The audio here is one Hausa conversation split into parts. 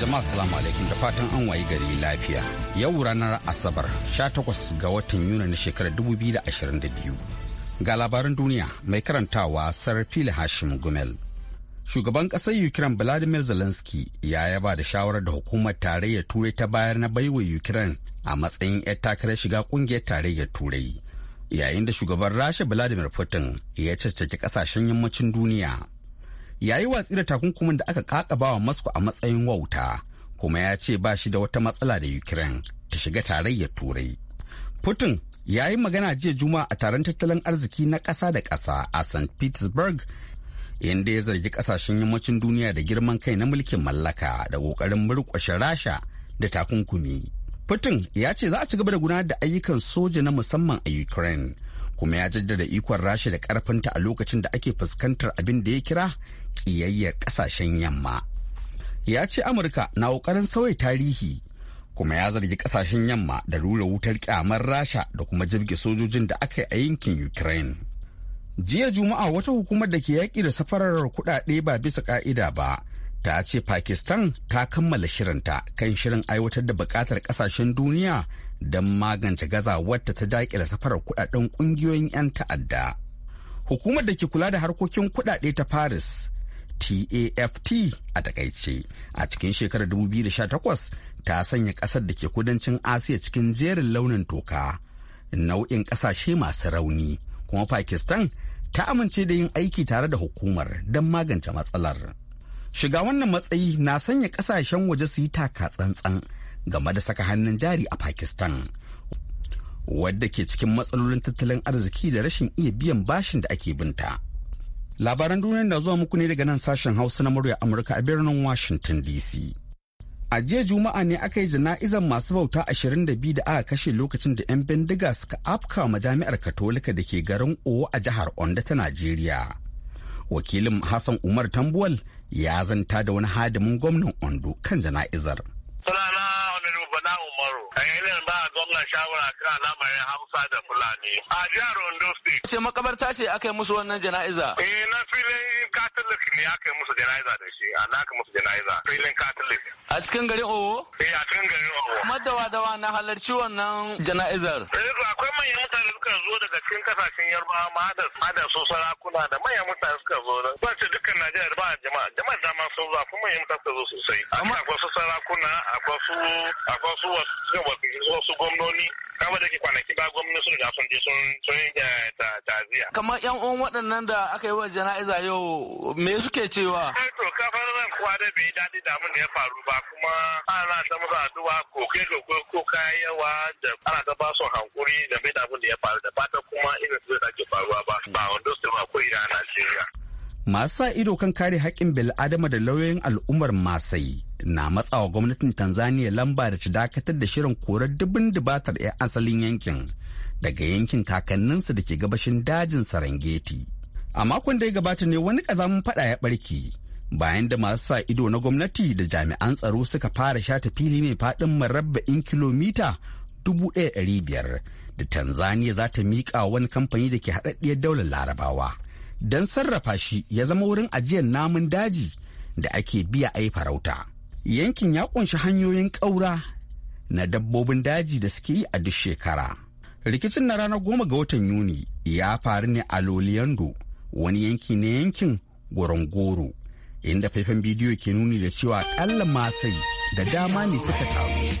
jama'a salamu alaikum da fatan an wayi gari lafiya. Yau ranar Asabar 18 ga watan Yuni na shekarar 2022. Ga labaran duniya mai karantawa sarfili Hashim Gumel. Shugaban kasar Ukraine Vladimir Zelensky ya yaba da shawarar da hukumar tarayyar Turai ta bayar na baiwa Ukraine a matsayin 'yar takarar shiga kungiyar tarayyar Turai. Yayin da shugaban Rasha Vladimir Putin ya cancanci kasashen yammacin duniya. ya yi watsi da takunkumin da aka kakaba wa Moscow a matsayin wauta kuma ya ce ba shi da wata matsala da Ukraine ta shiga tarayyar Turai. Putin ya yi magana jiya juma a taron tattalin arziki na ƙasa da ƙasa a St. Petersburg inda ya zargi ƙasashen yammacin duniya da girman kai na mulkin mallaka da ƙoƙarin murƙushe Rasha da takunkumi. Putin ya ce za a ci gaba da gudanar da ayyukan soja na musamman a Ukraine kuma ya jaddada ikon rasha da karfinta a lokacin da ake fuskantar abin da ya kira kiyayyar ƙasashen yamma ya ce amurka na kokarin sauya tarihi kuma ya zargi ƙasashen yamma da rura wutar kyamar rasha da kuma jirge sojojin da aka yi a yankin ukraine jiya juma'a wata hukumar da ke yaƙi da safarar kuɗaɗe ba bisa ƙa'ida ba ta ce pakistan ta kammala shirinta kan shirin aiwatar da bukatar kasashen duniya don magance gaza wadda ta daƙila safarar kudaden ƙungiyoyin 'yan ta'adda hukumar da ke kula da harkokin kudade ta paris taft a takaice a cikin shekarar 2018 ta sanya ƙasar da ke kudancin asiya cikin jerin launin toka nau'in ƙasashe masu rauni kuma pakistan ta amince da yin aiki tare da hukumar don magance matsalar. Shiga wannan matsayi na sanya kasashen waje su yi taka tsantsan game da saka hannun jari a Pakistan. Wadda ke cikin matsalolin tattalin arziki da rashin iya biyan bashin da ake binta. Labaran duniya na zuwa muku ne daga nan sashen Hausa na murya Amurka a birnin Washington DC. A jiya Juma'a ne aka yi jana'izan masu bauta ashirin da da aka kashe lokacin da 'yan bindiga suka afka jami'ar Katolika da ke garin Owo a jihar Ondo ta Najeriya. Wakilin Hassan Umar Tambuwal ya zanta da wani hadimin gwamnan ondo kan jana'izar. Umaru. A yayin ba gwamna shawara kan al'amarin Hausa da Fulani. A jihar Ondo State. Ce makabarta ce aka yi musu wannan jana'iza? Eh na filin Catholic ne aka yi musu jana'iza da shi. A naka musu jana'iza. Filin Catholic. A cikin garin Owo? Eh a cikin garin Owo. da dawa na halarci wannan jana'izar. Eh, akwai manyan mutane suka zo daga cikin kasashen Yarbawa ma da su sarakuna da manyan mutane suka zo. Ba ce dukkan Najeriya ba jama'a. Jama'a dama sun zo kuma manyan mutane suka zo sosai. Akwai su sarakuna, akwai su wasu suka wasu gwamnoni kama da ke kwanaki ba gwamnoni sun sun je sun yi kamar yan uwan waɗannan da aka yi wa jana'iza yau me suke cewa. to kafar ran kuwa da bai daɗi da mun da ya faru ba kuma ana ta musu addu'a koke koke ko kayawa da ana ta ba su hankuri da bai da abin da ya faru da fata kuma irin su da ke faruwa ba ba wanda su ko koyi a Najeriya. Masu sa ido kan kare haƙƙin bil'adama da lauyoyin al'ummar Masai na matsawa gwamnatin tanzania lamba da ta dakatar da shirin korar dubin dubatar 'yan asalin yankin daga yankin kakanninsu da ke gabashin dajin sarengeti a makon da ya gabata ne wani kazamin fada ya barke bayan da masu sa ido na gwamnati da jami'an tsaro suka fara shata fili mai faɗin marabba'in kilomita 1,500 da tanzania za ta miƙa wani kamfani da ke haɗaɗɗiyar daular larabawa don sarrafa shi ya zama wurin ajiyar namun daji da ake biya a yi farauta yankin ya kunshi hanyoyin ƙaura na dabbobin daji da suke yi a duk shekara. Rikicin na ranar goma ga watan Yuni ya faru ne a Loliyando, wani yanki na yankin Gorongoro, inda faifan bidiyo ke nuni da cewa ƙalla masai da dama ne suka taru.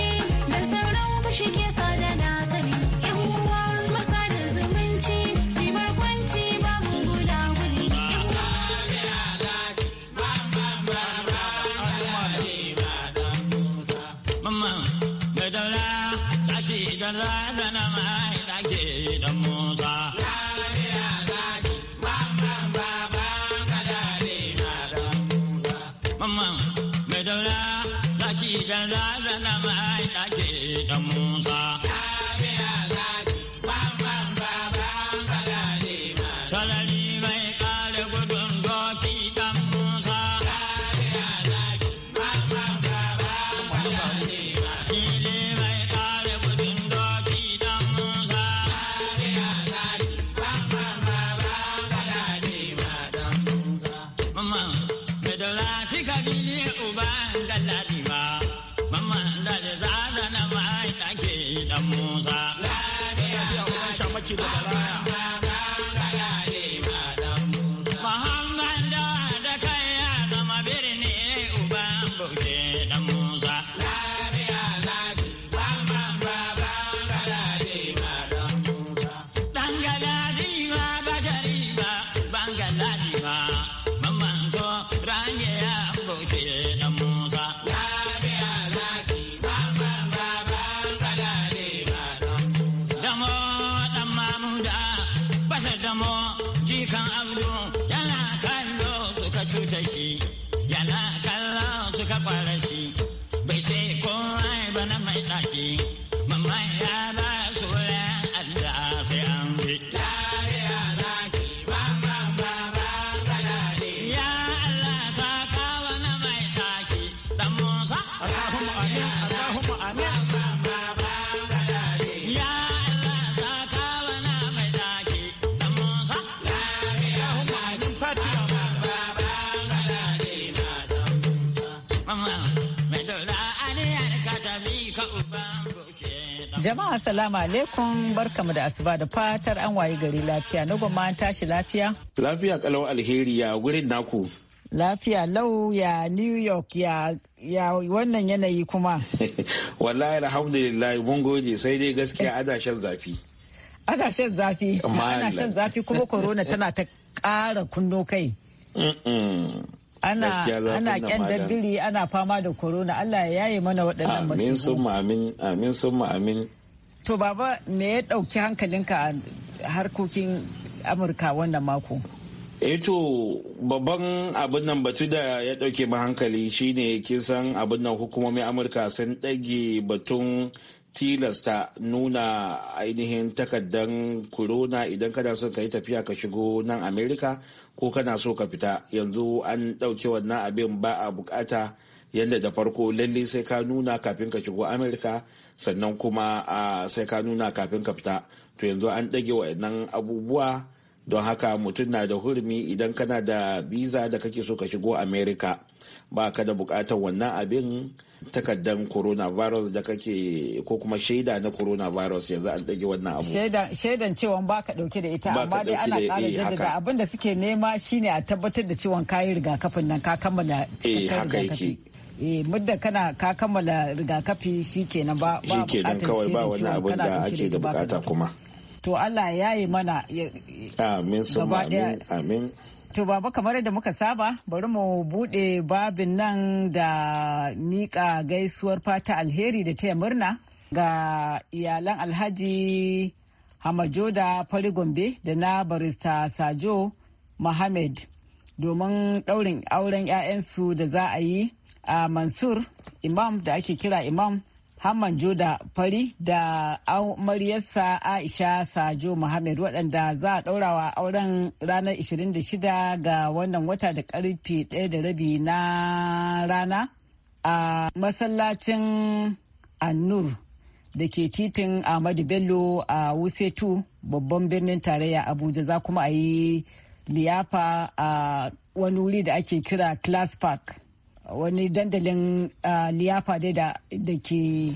Mamman mai daula zaki da zanen ma'aikake da Musa. Jama'a salamu alaikum barkamu da asuba da fatar an waye gari lafiya na gwamma tashi lafiya. Lafiya kalau alheri ya wurin naku. Lafiya lau ya New York ya ya wannan yanayi kuma. Wallahi alhamdulillah mun gode sai dai gaskiya eh. ana shan zafi. Ana shan zafi. Ana shan zafi kuma corona tana ta ƙara kundo kai. ana ana kyan dabbiri ana fama da corona Allah ya yaye mana waɗannan masifu amin sun amin amin sun amin to baba me ya ɗauki hankalinka a harkokin amurka wannan mako eto eh babban abin nan batu da ya dauke mu hankali shine san abin nan hukumomin amurka sun dage batun tilasta nuna ainihin takaddan corona idan kana son ka yi tafiya ka shigo nan amerika ko kana so ka fita yanzu an dauke wannan abin ba a bukata yadda da farko lalle sai ka nuna kafin ka shigo amerika sannan kuma ah, sai ka nuna kafin ka fita to yanzu an ɗage wa'annan abubuwa don haka mutum na da hurumi idan kana da biza da kake so ka shigo america ba ka da bukatar wannan abin takaddan coronavirus da kake ko kuma shaida na coronavirus yanzu an ɗage wannan abu shaidan cewa ba ka ɗauke da ita amma dai ana ƙara eh, jaddada abin da suke nema shine a tabbatar da cewa kayi rigakafin nan ka kammala eh haka yake eh mudda kana ka kammala rigakafi shikenan ba ba shikenan kawai ba wani abin da ake da bukata kuma to Allah ya yi mana amin amin to baba kamar yadda muka saba bari mu bude babin nan da mika gaisuwar fata alheri da taya murna ga iyalan alhaji da fari gombe da na barista sajo mohammed domin ɗaurin auren 'ya'yansu da za a yi a mansur imam da ake kira imam Hamman Joda Fari da amaryarsa Aisha Sajo Muhammad waɗanda za a ɗaura wa auren ranar 26 ga wannan wata da karfe ɗaya da rabi na rana a masallacin Annur da ke titin Ahmadu Bello a Wusetu babban birnin tarayya Abuja za kuma a yi liyafa a wani wuri da ake kira Class Park. wani dandalin liyafa dai da ke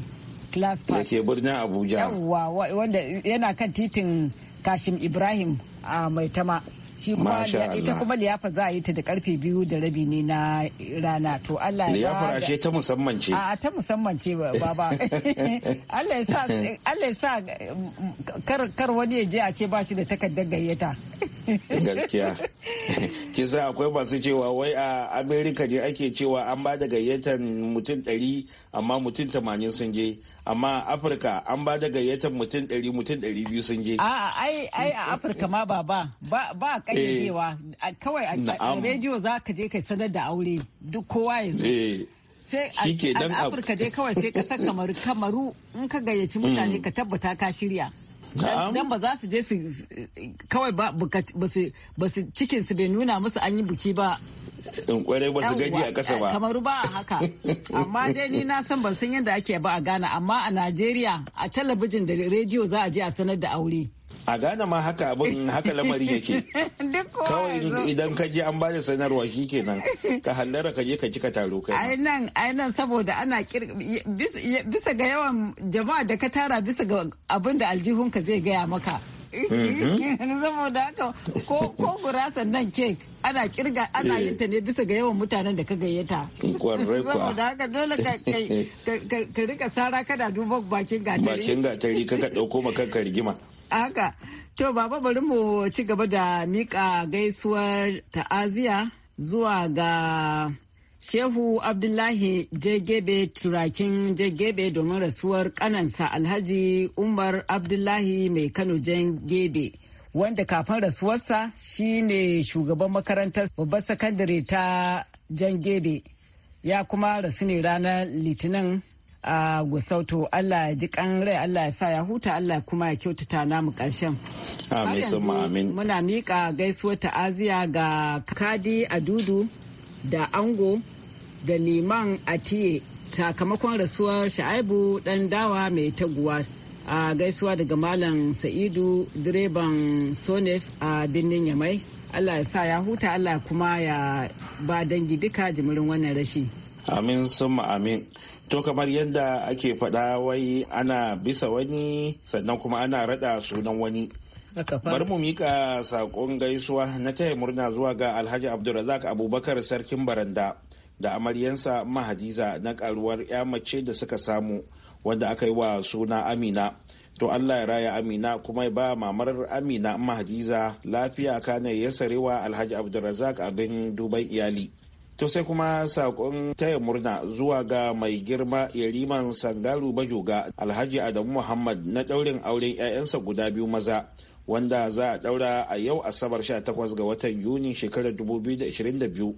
class da ke birnin abuja yawwa wanda yana kan titin kashim ibrahim a maitama shi kuma ita kuma liyafa za a yi ta da karfe biyu da rabi ne na rana to Allah ya liyafar ashe ta musamman ce a ta musamman ce baba Allah ya sa Allah ya sa kar kar wani ya je a ce ba shi da takardar gayyata gaskiya kisa akwai masu cewa wai a amerika ne ake cewa an ba da gayyatan mutum 100 amma mutum 80 sun je amma a afirka an ba da gayyatar mutum ɗari mutum ɗari biyu sun je a ai ai a afirka ma ba ba ba kayyadewa eh. kawai a rediyo za ka je ka sanar da aure duk kowa ya zo eh. sai a afirka dai kawai sai kasar kamaru kamaru in ka gayyaci mutane mm. ka tabbata ka shirya dan ba za su je su kawai ba su cikin su bai nuna musu an yi buki ba in kwarai ba su gani a kasa ba kamar ba a haka amma dai ni na san ban san yadda ake ba a Ghana amma a Najeriya a talabijin da rediyo za a je a sanar da aure a Ghana ma haka abin haka lamari yake kawai idan ka je an bada sanarwa shi kenan ka hallara ka je ka ka taro kai ai nan ai nan saboda ana bisa ga yawan jama'a da ka tara bisa ga abin da aljihunka zai gaya maka Mm-hmm. saboda haka ko gurasa nan kek ana kirga ana eh. yin ta ne bisa ga yawan mutanen da ka gayyata kwarai kwa saboda haka dole ka rika sara kana duba bakin gatari bakin gatari kaka dauko maka ka rigima haka to baba bari mu ci gaba da mika gaisuwar ta'aziya zuwa ga Shehu Abdullahi Jegebe Turakin Jegebe domin rasuwar kanansa Alhaji Umar Abdullahi mai Kano Jegebe. Wanda kafin rasuwarsa shi ne shugaban makarantar babbar sakandare ta Jangebe. Ya kuma rasu ne ranar Litinin a Gusauto Allah ya ji kan rai Allah ya sa ya huta Allah kuma ya kyautata namu karshen. Amin amin. Muna mika gaisuwar ta'aziya ga Kadi Adudu da Ango da liman atiye sakamakon rasuwar sha'aibu dan dawa mai taguwa a gaisuwa daga malam sa'idu direban sonef a birnin yamai allah ya sa ya huta allah kuma ya ba dangi duka jimirin wannan rashi amin sun amin to kamar yadda ake faɗa wai ana bisa wani sannan kuma ana raɗa sunan wani bari mu mika saƙon gaisuwa na taya murna zuwa ga alhaji abdulrazak abubakar sarkin baranda da amaryansa mahadiza na karuwar 'ya mace da suka samu wanda aka yi wa suna amina to allah ya raya amina kuma ya ba mamar amina mahadiza lafiya kane ya sarewa alhaji abdulrazak abin duban iyali to sai kuma saƙon taya murna zuwa ga mai girma yariman sangalu bajoga alhaji adamu muhammad na ɗaurin auren 'ya'yansa guda biyu maza wanda za a ɗaura a yau asabar 18 ga watan yuni shekarar 2022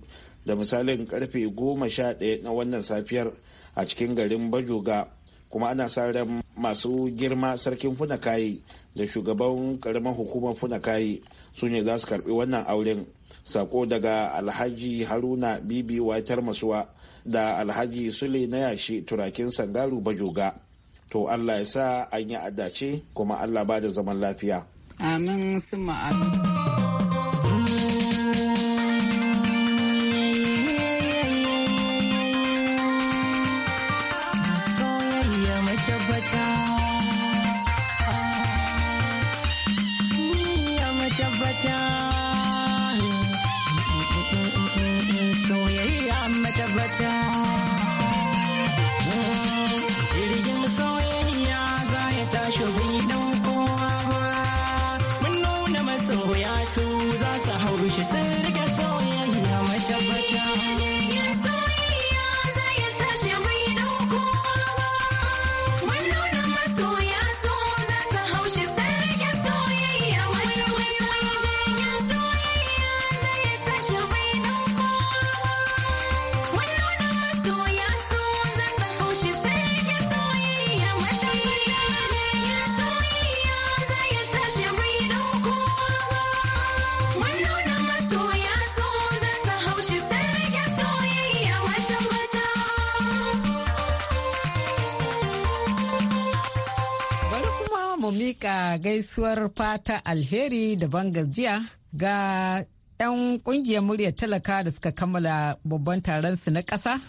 da misalin karfe goma sha ɗaya na wannan safiyar a cikin garin bajoga kuma ana sa ran masu girma sarkin funakayi da shugaban karamar hukumar funakayi su ne za su karbi wannan auren sako daga alhaji haruna bibi watar masuwa da alhaji sule na yashi turakin sangaru bajoga to allah ya sa an yi adace kuma allah ba da zaman lafiya amin sun gaisuwar fata alheri da gajiya ga 'yan kungiyar murya talaka da suka kammala babban taron su na ƙasa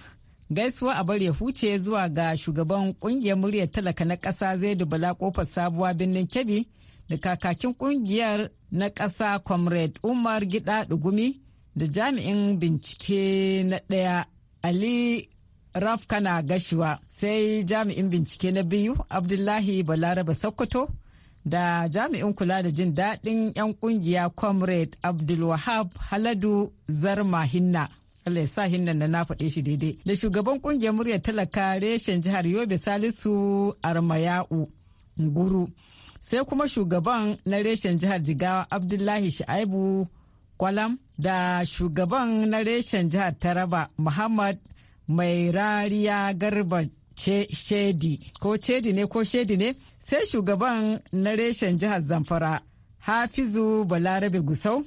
gaisuwa a bari ya huce zuwa ga shugaban kungiyar murya talaka na ƙasa zaidu bala kofar sabuwa birnin kebbi da kakakin kungiyar na ƙasa comrade umar gida dugumi da jami'in bincike na ɗaya ali rafkana gashiwa sai jami'in bincike na biyu abdullahi balaraba sokoto da jami'in kula da jin daɗin 'yan ƙungiya comrade abdulwahab haladu zarma hinna Allah ya sa hinna na na faɗe shi daidai da shugaban ƙungiyar muryar talaka reshen jihar yobe salisu armayau nguru sai kuma shugaban na reshen jihar jigawa abdullahi sha'ibu kwalam da shugaban na reshen jihar taraba muhammad mai rariya garba shedi ko shedi ne ko shedi ne sai shugaban na reshen jihar zamfara hafizu balarabe gusau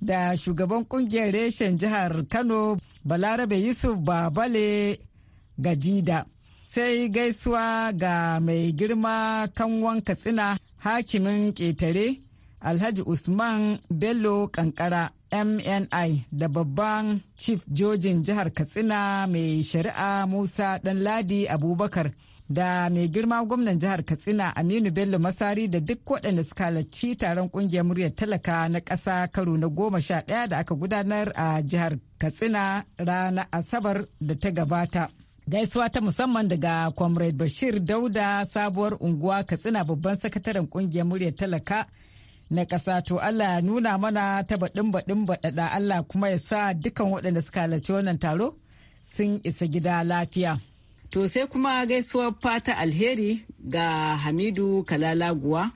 da shugaban kungiyar reshen jihar kano balarabe yusuf babale gajida sai gaisuwa ga mai girma kanwan katsina hakimin ƙetare alhaji usman bello kankara mni da babban chief jojin jihar katsina mai shari'a musa danladi abubakar da mai girma gwamnan jihar katsina aminu bello masari da duk waɗanda suka halarci taron ƙungiyar muryar talaka na ƙasa karo na goma sha ɗaya da aka gudanar a jihar katsina rana asabar da ta gabata gaisuwa ta musamman daga comrade bashir dauda sabuwar unguwa katsina babban sakataren ƙungiyar muryar talaka na ƙasa to Allah ya nuna mana ta baɗin baɗin baɗaɗa Allah kuma ya sa dukan waɗanda suka halarci wannan taro sun isa gida lafiya. To sai kuma gaisuwar fata alheri ga Hamidu Kalalaguwa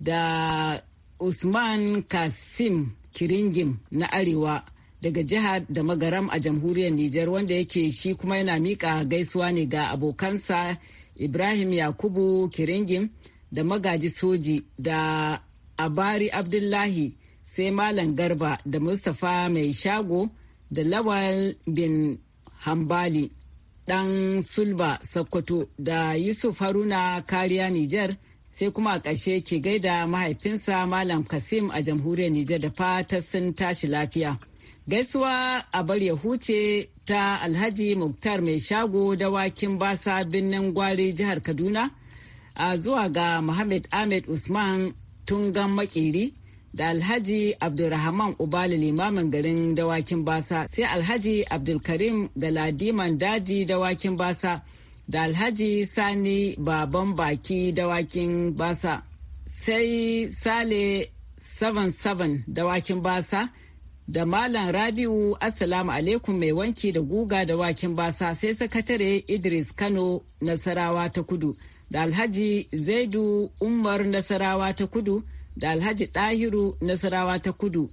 da Usman Kasim Kiringim na Arewa daga jihar da magaram a jamhuriyar Nijar wanda yake shi kuma yana miƙa gaisuwa ne ga abokansa Ibrahim Yakubu Kiringim da magaji soji da a bari abdullahi sai malam garba da mustapha mai shago da lawal bin hambali dan sulba sokoto da yusuf haruna kariya nijar sai kuma a ƙarshe ke gaida mahaifinsa malam kasim a jamhuriyar nijar da fata sun tashi lafiya gaisuwa a bar ya huce ta alhaji muktar mai shago da wakin basa birnin gwari jihar kaduna a zuwa ga muhammad ahmed usman tungan makeri da alhaji abdulrahman ubali limamin garin dawakin basa sai alhaji abdulkarim galadiman daji dawakin basa da alhaji sani baban baki dawakin basa sai sale 77 dawakin basa da Malam Rabiu Assalamu alaikum mai wanki da guga dawakin basa sai sakatare Idris Kano Nasarawa ta kudu da Alhaji Zaidu Umar Nasarawa ta Kudu da Alhaji Ɗahiru Nasarawa ta Kudu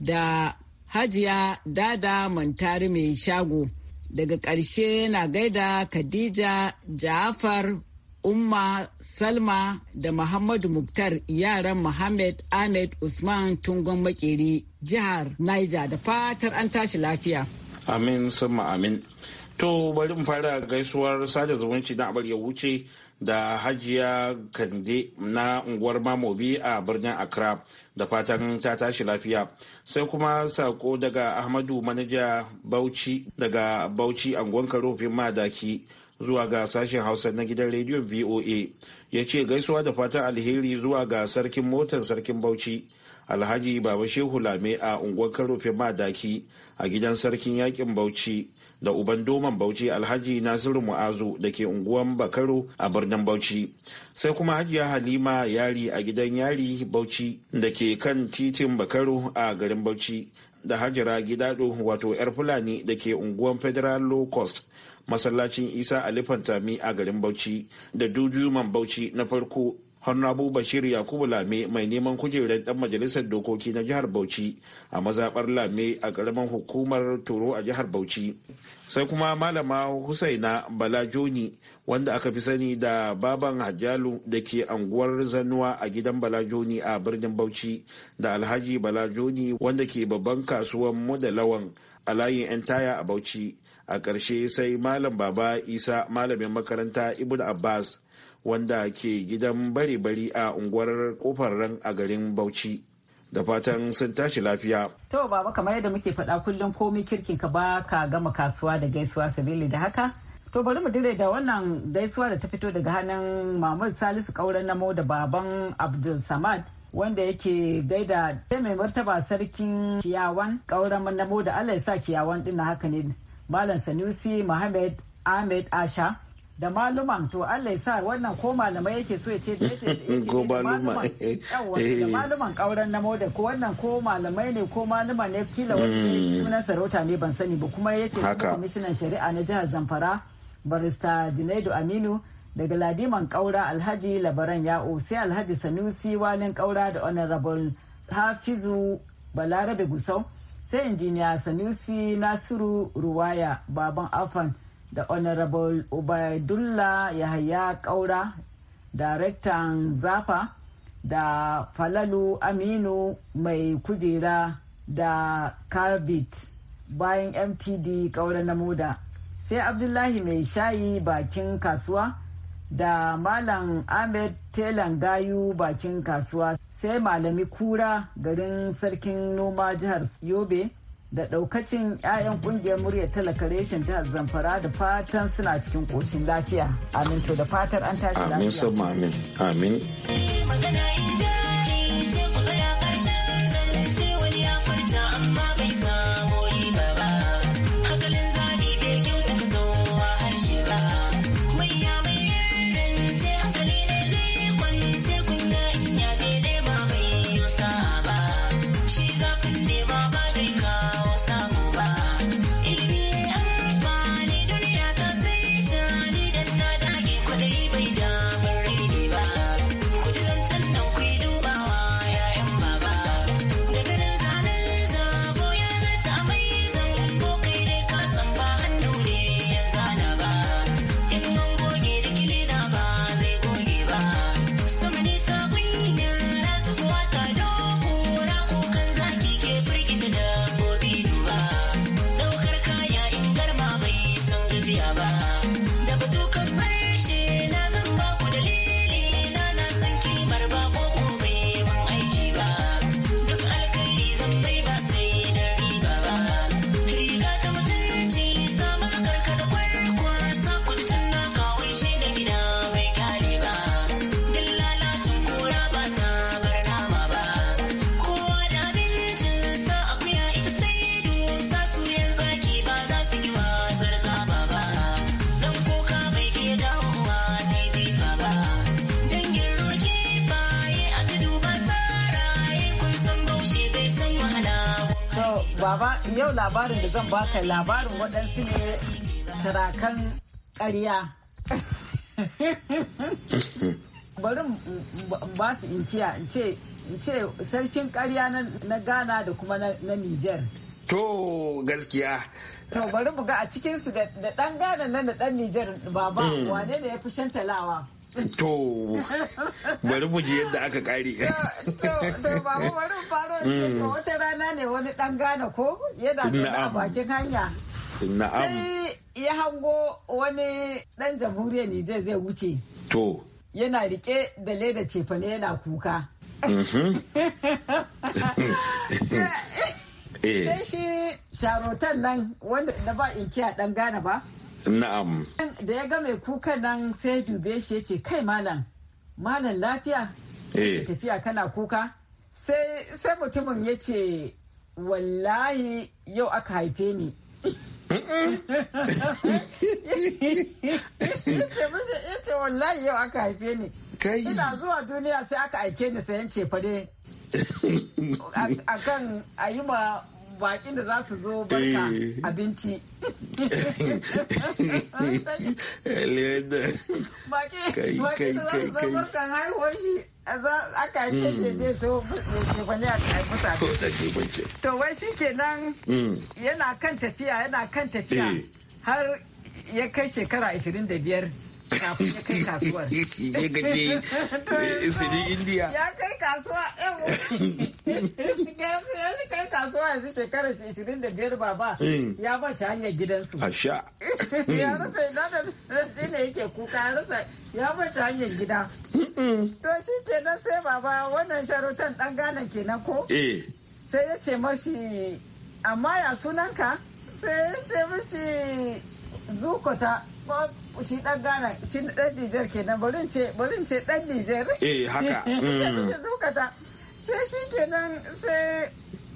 da Hajiya Dada Mantari mai shago. Daga ƙarshe na gaida Khadija jafar Umma Salma da Muhammadu Muktar yaran Muhammad Ahmed Usman Tungon Makeri jihar Niger da fatar an tashi lafiya. Amin sama amin. To bari mu fara gaisuwar sada zumunci na abar ya wuce da hajiya kande na unguwar mamobi a birnin accra da fatan ta tashi lafiya sai kuma sako daga ahmadu manaja bauchi daga bauchi angon karofin madaki zuwa ga sashen hausa na gidan rediyon voa ya ce gaisuwa da fatan alheri zuwa ga sarkin motar sarkin bauchi alhaji baba shehu lame a unguwar karofin madaki a gidan sarkin yakin bauchi da uban doman bauchi alhaji nasiru mu'azu da ke unguwan bakaro a birnin bauchi sai kuma hajiya halima yari a gidan yari bauchi da ke kan titin bakaro a garin bauchi da hajira gidado wato yar fulani da ke unguwan federal low cost masallacin isa alifantami a garin bauchi da dujuman bauchi na farko hannu abu Bashir Yakubu Lame mai neman kujerar dan majalisar dokoki na jihar Bauchi a mazabar Lame a karamin hukumar Toro a jihar Bauchi. Sai kuma Malama Husaina bala joni wanda aka fi sani da Baban Hajjalu da ke anguwar Zanuwa a gidan bala joni a birnin Bauchi da Alhaji bala joni wanda ke babban kasuwan Modalawan a layin 'yan taya a Bauchi. A ƙarshe sai Malam Baba Isa malamin makaranta Ibn Abbas wanda ke gidan bare-bari a unguwar kofar ran a garin Bauchi. Da fatan sun tashi lafiya. To baba kamar yadda muke faɗa kullum komi kirkin ka ba ka gama kasuwa da gaisuwa sabili da haka. To bari mu dire da wannan gaisuwa da ta fito daga hannun Mahmud Salisu Kauran Namo da baban Abdul Samad wanda yake gaida ta mai martaba sarkin kiyawan kauran namo da Allah ya sa kiyawan haka ne Malam Sanusi Muhammad Ahmed Asha da maluman to Allah ya sa wannan ko malamai yake so ya ce da ko maluman da maluman kauran eh. na moda ko wannan ko malamai ne ko maluma ne kila wani hmm. sunan sarauta ne ban sani ba kuma yace kwamishinan shari'a na jihar Zamfara barista Junaidu Aminu daga ladiman kaura alhaji labaran ya'o sai alhaji sanusi walin kaura da honorable hafizu balarabe gusau sai injiniya sanusi nasiru ruwaya baban afan da honorable ubaidullah yahaya kaura daraktan zafa da falalu aminu mai kujera da carbit bayan mtd kaura na moda sai abdullahi mai shayi bakin kasuwa da malam ahmed telan gayu bakin kasuwa sai malami kura garin sarkin noma jihar yobe da daukacin 'ya'yan kungiyar murya talaka reshen jihar zamfara da fatan suna cikin koshin lafiya amin to da fatar an tashi lafiya amin sabma amin amin magana in ce ce wani ya amma bai labarin da zan baka labarin waɗansu ne sarakan ƙarya. Bari ba su inkiya in ce sarkin ƙarya na Ghana da kuma na Nijar. To gaskiya. To bari mu ga a cikinsu da ɗan Ghana na da ɗan Nijar baba hmm. wane ne ya fi shantalawa. To, bari mu ji yadda aka kare. To, babu bari faro ko mm. wata rana ne wani dan gane ko yana da bakin hanya. Na'am. Sai ya hango wani dan jamhuriyar Nijar zai wuce. To. Yana rike da leda cefane yana kuka. Mm-hmm. Eh. Sai shi sharotan nan wanda da ba kiya dan gane ba. Na'am. Da ya ga mai kuka nan sai dube shi ya ce kai malam, malam lafiya? Eh. Tafiya kana kuka? Sai sai mutumin ya ce wallahi yau aka haife ni. Ya ce wallahi yau aka haife ni. Kai. Ina zuwa duniya sai aka aike ni sayan cefane. A kan a yi ma bakin da za su zo barka eh. abinci bakin da za su zo barkan haihuwar shi aka yi ce mm. je so shefani a mutane to wai shi kenan mm. yana kan tafiya yana kan tafiya eh. har ya kai shekara 25 kafin ya kai kasuwar. Ya gaje su ni indiya. Ya kai kasuwa ya kai kasuwa yanzu shekarar 25 baba hmm. ya bace hanyar gidansu. Asha. Ya hmm. rasa idan da yake kuka ya rasa ya bace hanyar gida. Hmm. To shi kenan sai baba wannan sharutan dan Ghana kenan ko? Eh. Sai ya ce mashi amma ya sunanka? Sai ya ce mashi zukota. shi dan Ghana shi dan Niger kenan barin ce barin ce dan Niger eh haka zukata mm. sai shi kenan sai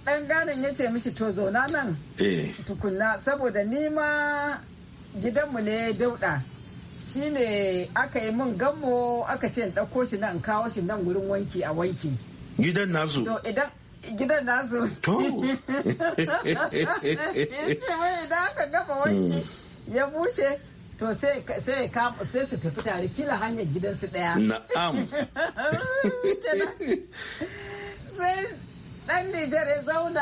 dan Ghana ya ce mishi to zauna nan eh tukunna saboda ni ma gidanmu ne dauda shi ne aka yi min gammo aka ce in dauko shi nan kawo shi nan gurin wanki a wanki gidan nasu to idan gidan nasu to ya ce wai idan aka gama wanki mm. ya bushe To sai sai su tafi tare kila hanyar gidansu ɗaya. Na'am. Sai ɗan Nijar ya zauna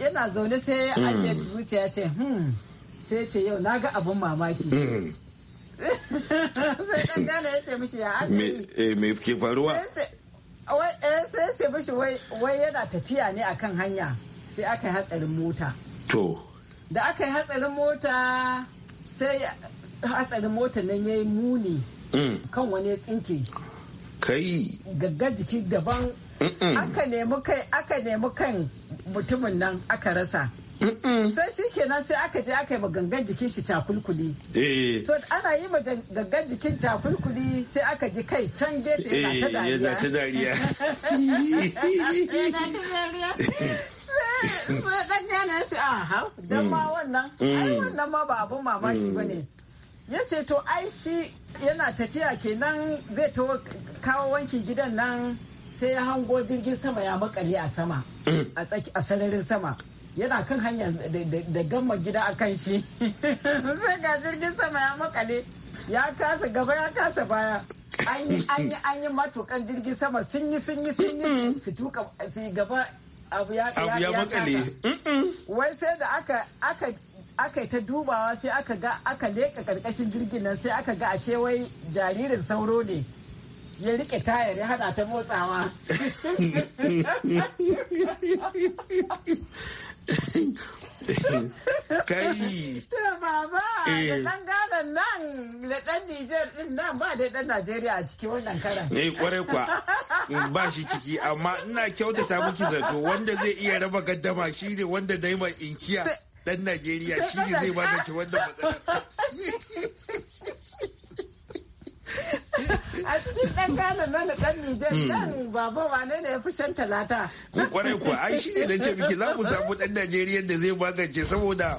yana zaune sai ake hmm. zuciya ce hmm. sai ce yau na ga abun mamaki. Hmm. Sai ɗan Ghana ya ce mishi ya ake. Eh, me ke faruwa? Sai ya ce eh, mishi wai yana tafiya ne akan hanya sai aka yi hatsarin mota. To. Da aka yi hatsarin mota sai hatsarin motar nan ya yi muni mm. kan wani tsinke kai gaggar jiki daban aka nemi kai aka nemi kan mutumin nan aka rasa sai shi kenan sai aka je aka yi ma gangan jikin shi cakulkuli eh. to ana yi ma gangan jikin cakulkuli sai aka ji kai can gefe yana eh, ta dariya dan yana ce a ha dan ma mm. wannan ai mm. wannan ma ba abun mamaki mm. bane ya ce to ai shi yana tafiya kenan zai ta kawo wanki gidan nan sai ya hango jirgin sama ya makale a sama a sararin sama yana kan hanya da gama gida a kan shi sai ga jirgin sama ya makale ya kasa gaba ya kasa baya an yi matukan jirgin sama sun yi sun yi sun yi su tuka gaba abu ya makale wai sai da aka aka aka ta dubawa sai aka ga aka leka karkashin jirgin nan sai aka ga ashe wai jaririn sauro ne ya rike tayar ya hada ta motsawa kai baba da dan eh. Ghana nan da dan Niger din nan ba da dan Najeriya a cikin wannan karan eh kwarai kwa mm, ba shi ciki amma ina kyautata miki zato wanda zai iya raba gaddama shine wanda dai mai inkiya dan Najeriya shine zai magance wanda matsalar a cikin dan Ghana na da ɗan Nijar dan hmm. baba wane ne ya fi shan talata kwarai kuwa ai shi ne dan ce miki za mu samu dan Najeriya da zai magance saboda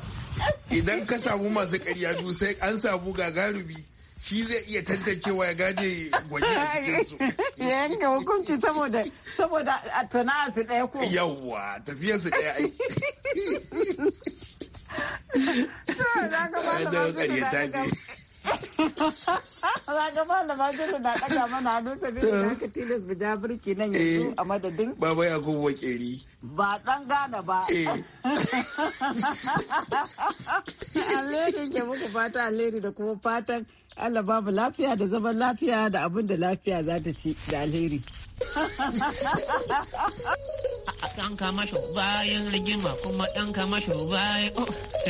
idan ka samu masu ƙarya biyu sai an samu gagarumi shi zai iya tantancewa ya gane gwaje a cikinsu Ya Yanka hukunci saboda tana su ɗaya ko. Yawwa su ɗaya ai. ba Raga malama jiru na ɗaga mana hannu sabida da ka tilas bu birki nan yanzu eh, a madadin. ba ya kuma wakeri. Ba ɗan gana ba. Eh. Alheri ke muku fata alheri da kuma fatan Allah babu lafiya da zaman lafiya da abin da lafiya za ta ci da alheri. ɗan kama shi bayan rigima kuma ɗan kama shi bayan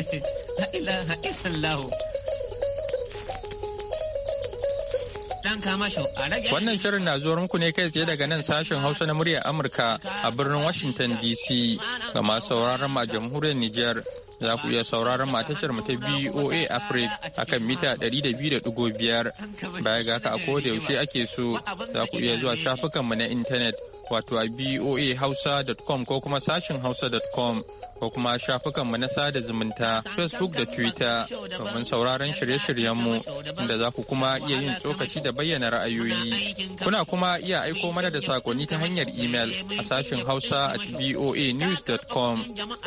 ilaha illallahu. Wannan shirin na zuwar muku ne kai tsaye daga nan sashen Hausa na muryar Amurka a birnin Washington DC ga masu sauraron ma jamhuriyar Nijar. Za ku iya sauraron ma tashar mu ta BOA Africa a kan mita 200.5 baya ga haka a koda yaushe ake so za ku iya zuwa shafukanmu na intanet wato a voa hausa.com ko kuma sashin hausa.com ko kuma shafukanmu na sada zumunta facebook da twitter domin sauraron shirye-shiryenmu inda za ku kuma iya yin tsokaci da bayyana ra'ayoyi kuna kuma iya aiko mana da sakonni ta hanyar email a sashin hausa at news.com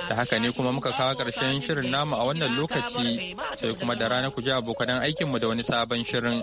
da haka ne kuma muka kawo ƙarshen shirin namu a wannan lokaci sai kuma da rana ku ji abokan aikinmu da wani sabon shirin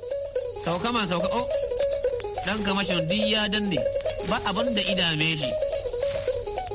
sauka ma sauka o oh, dan gamashin duk ya danne ba abin da idame ne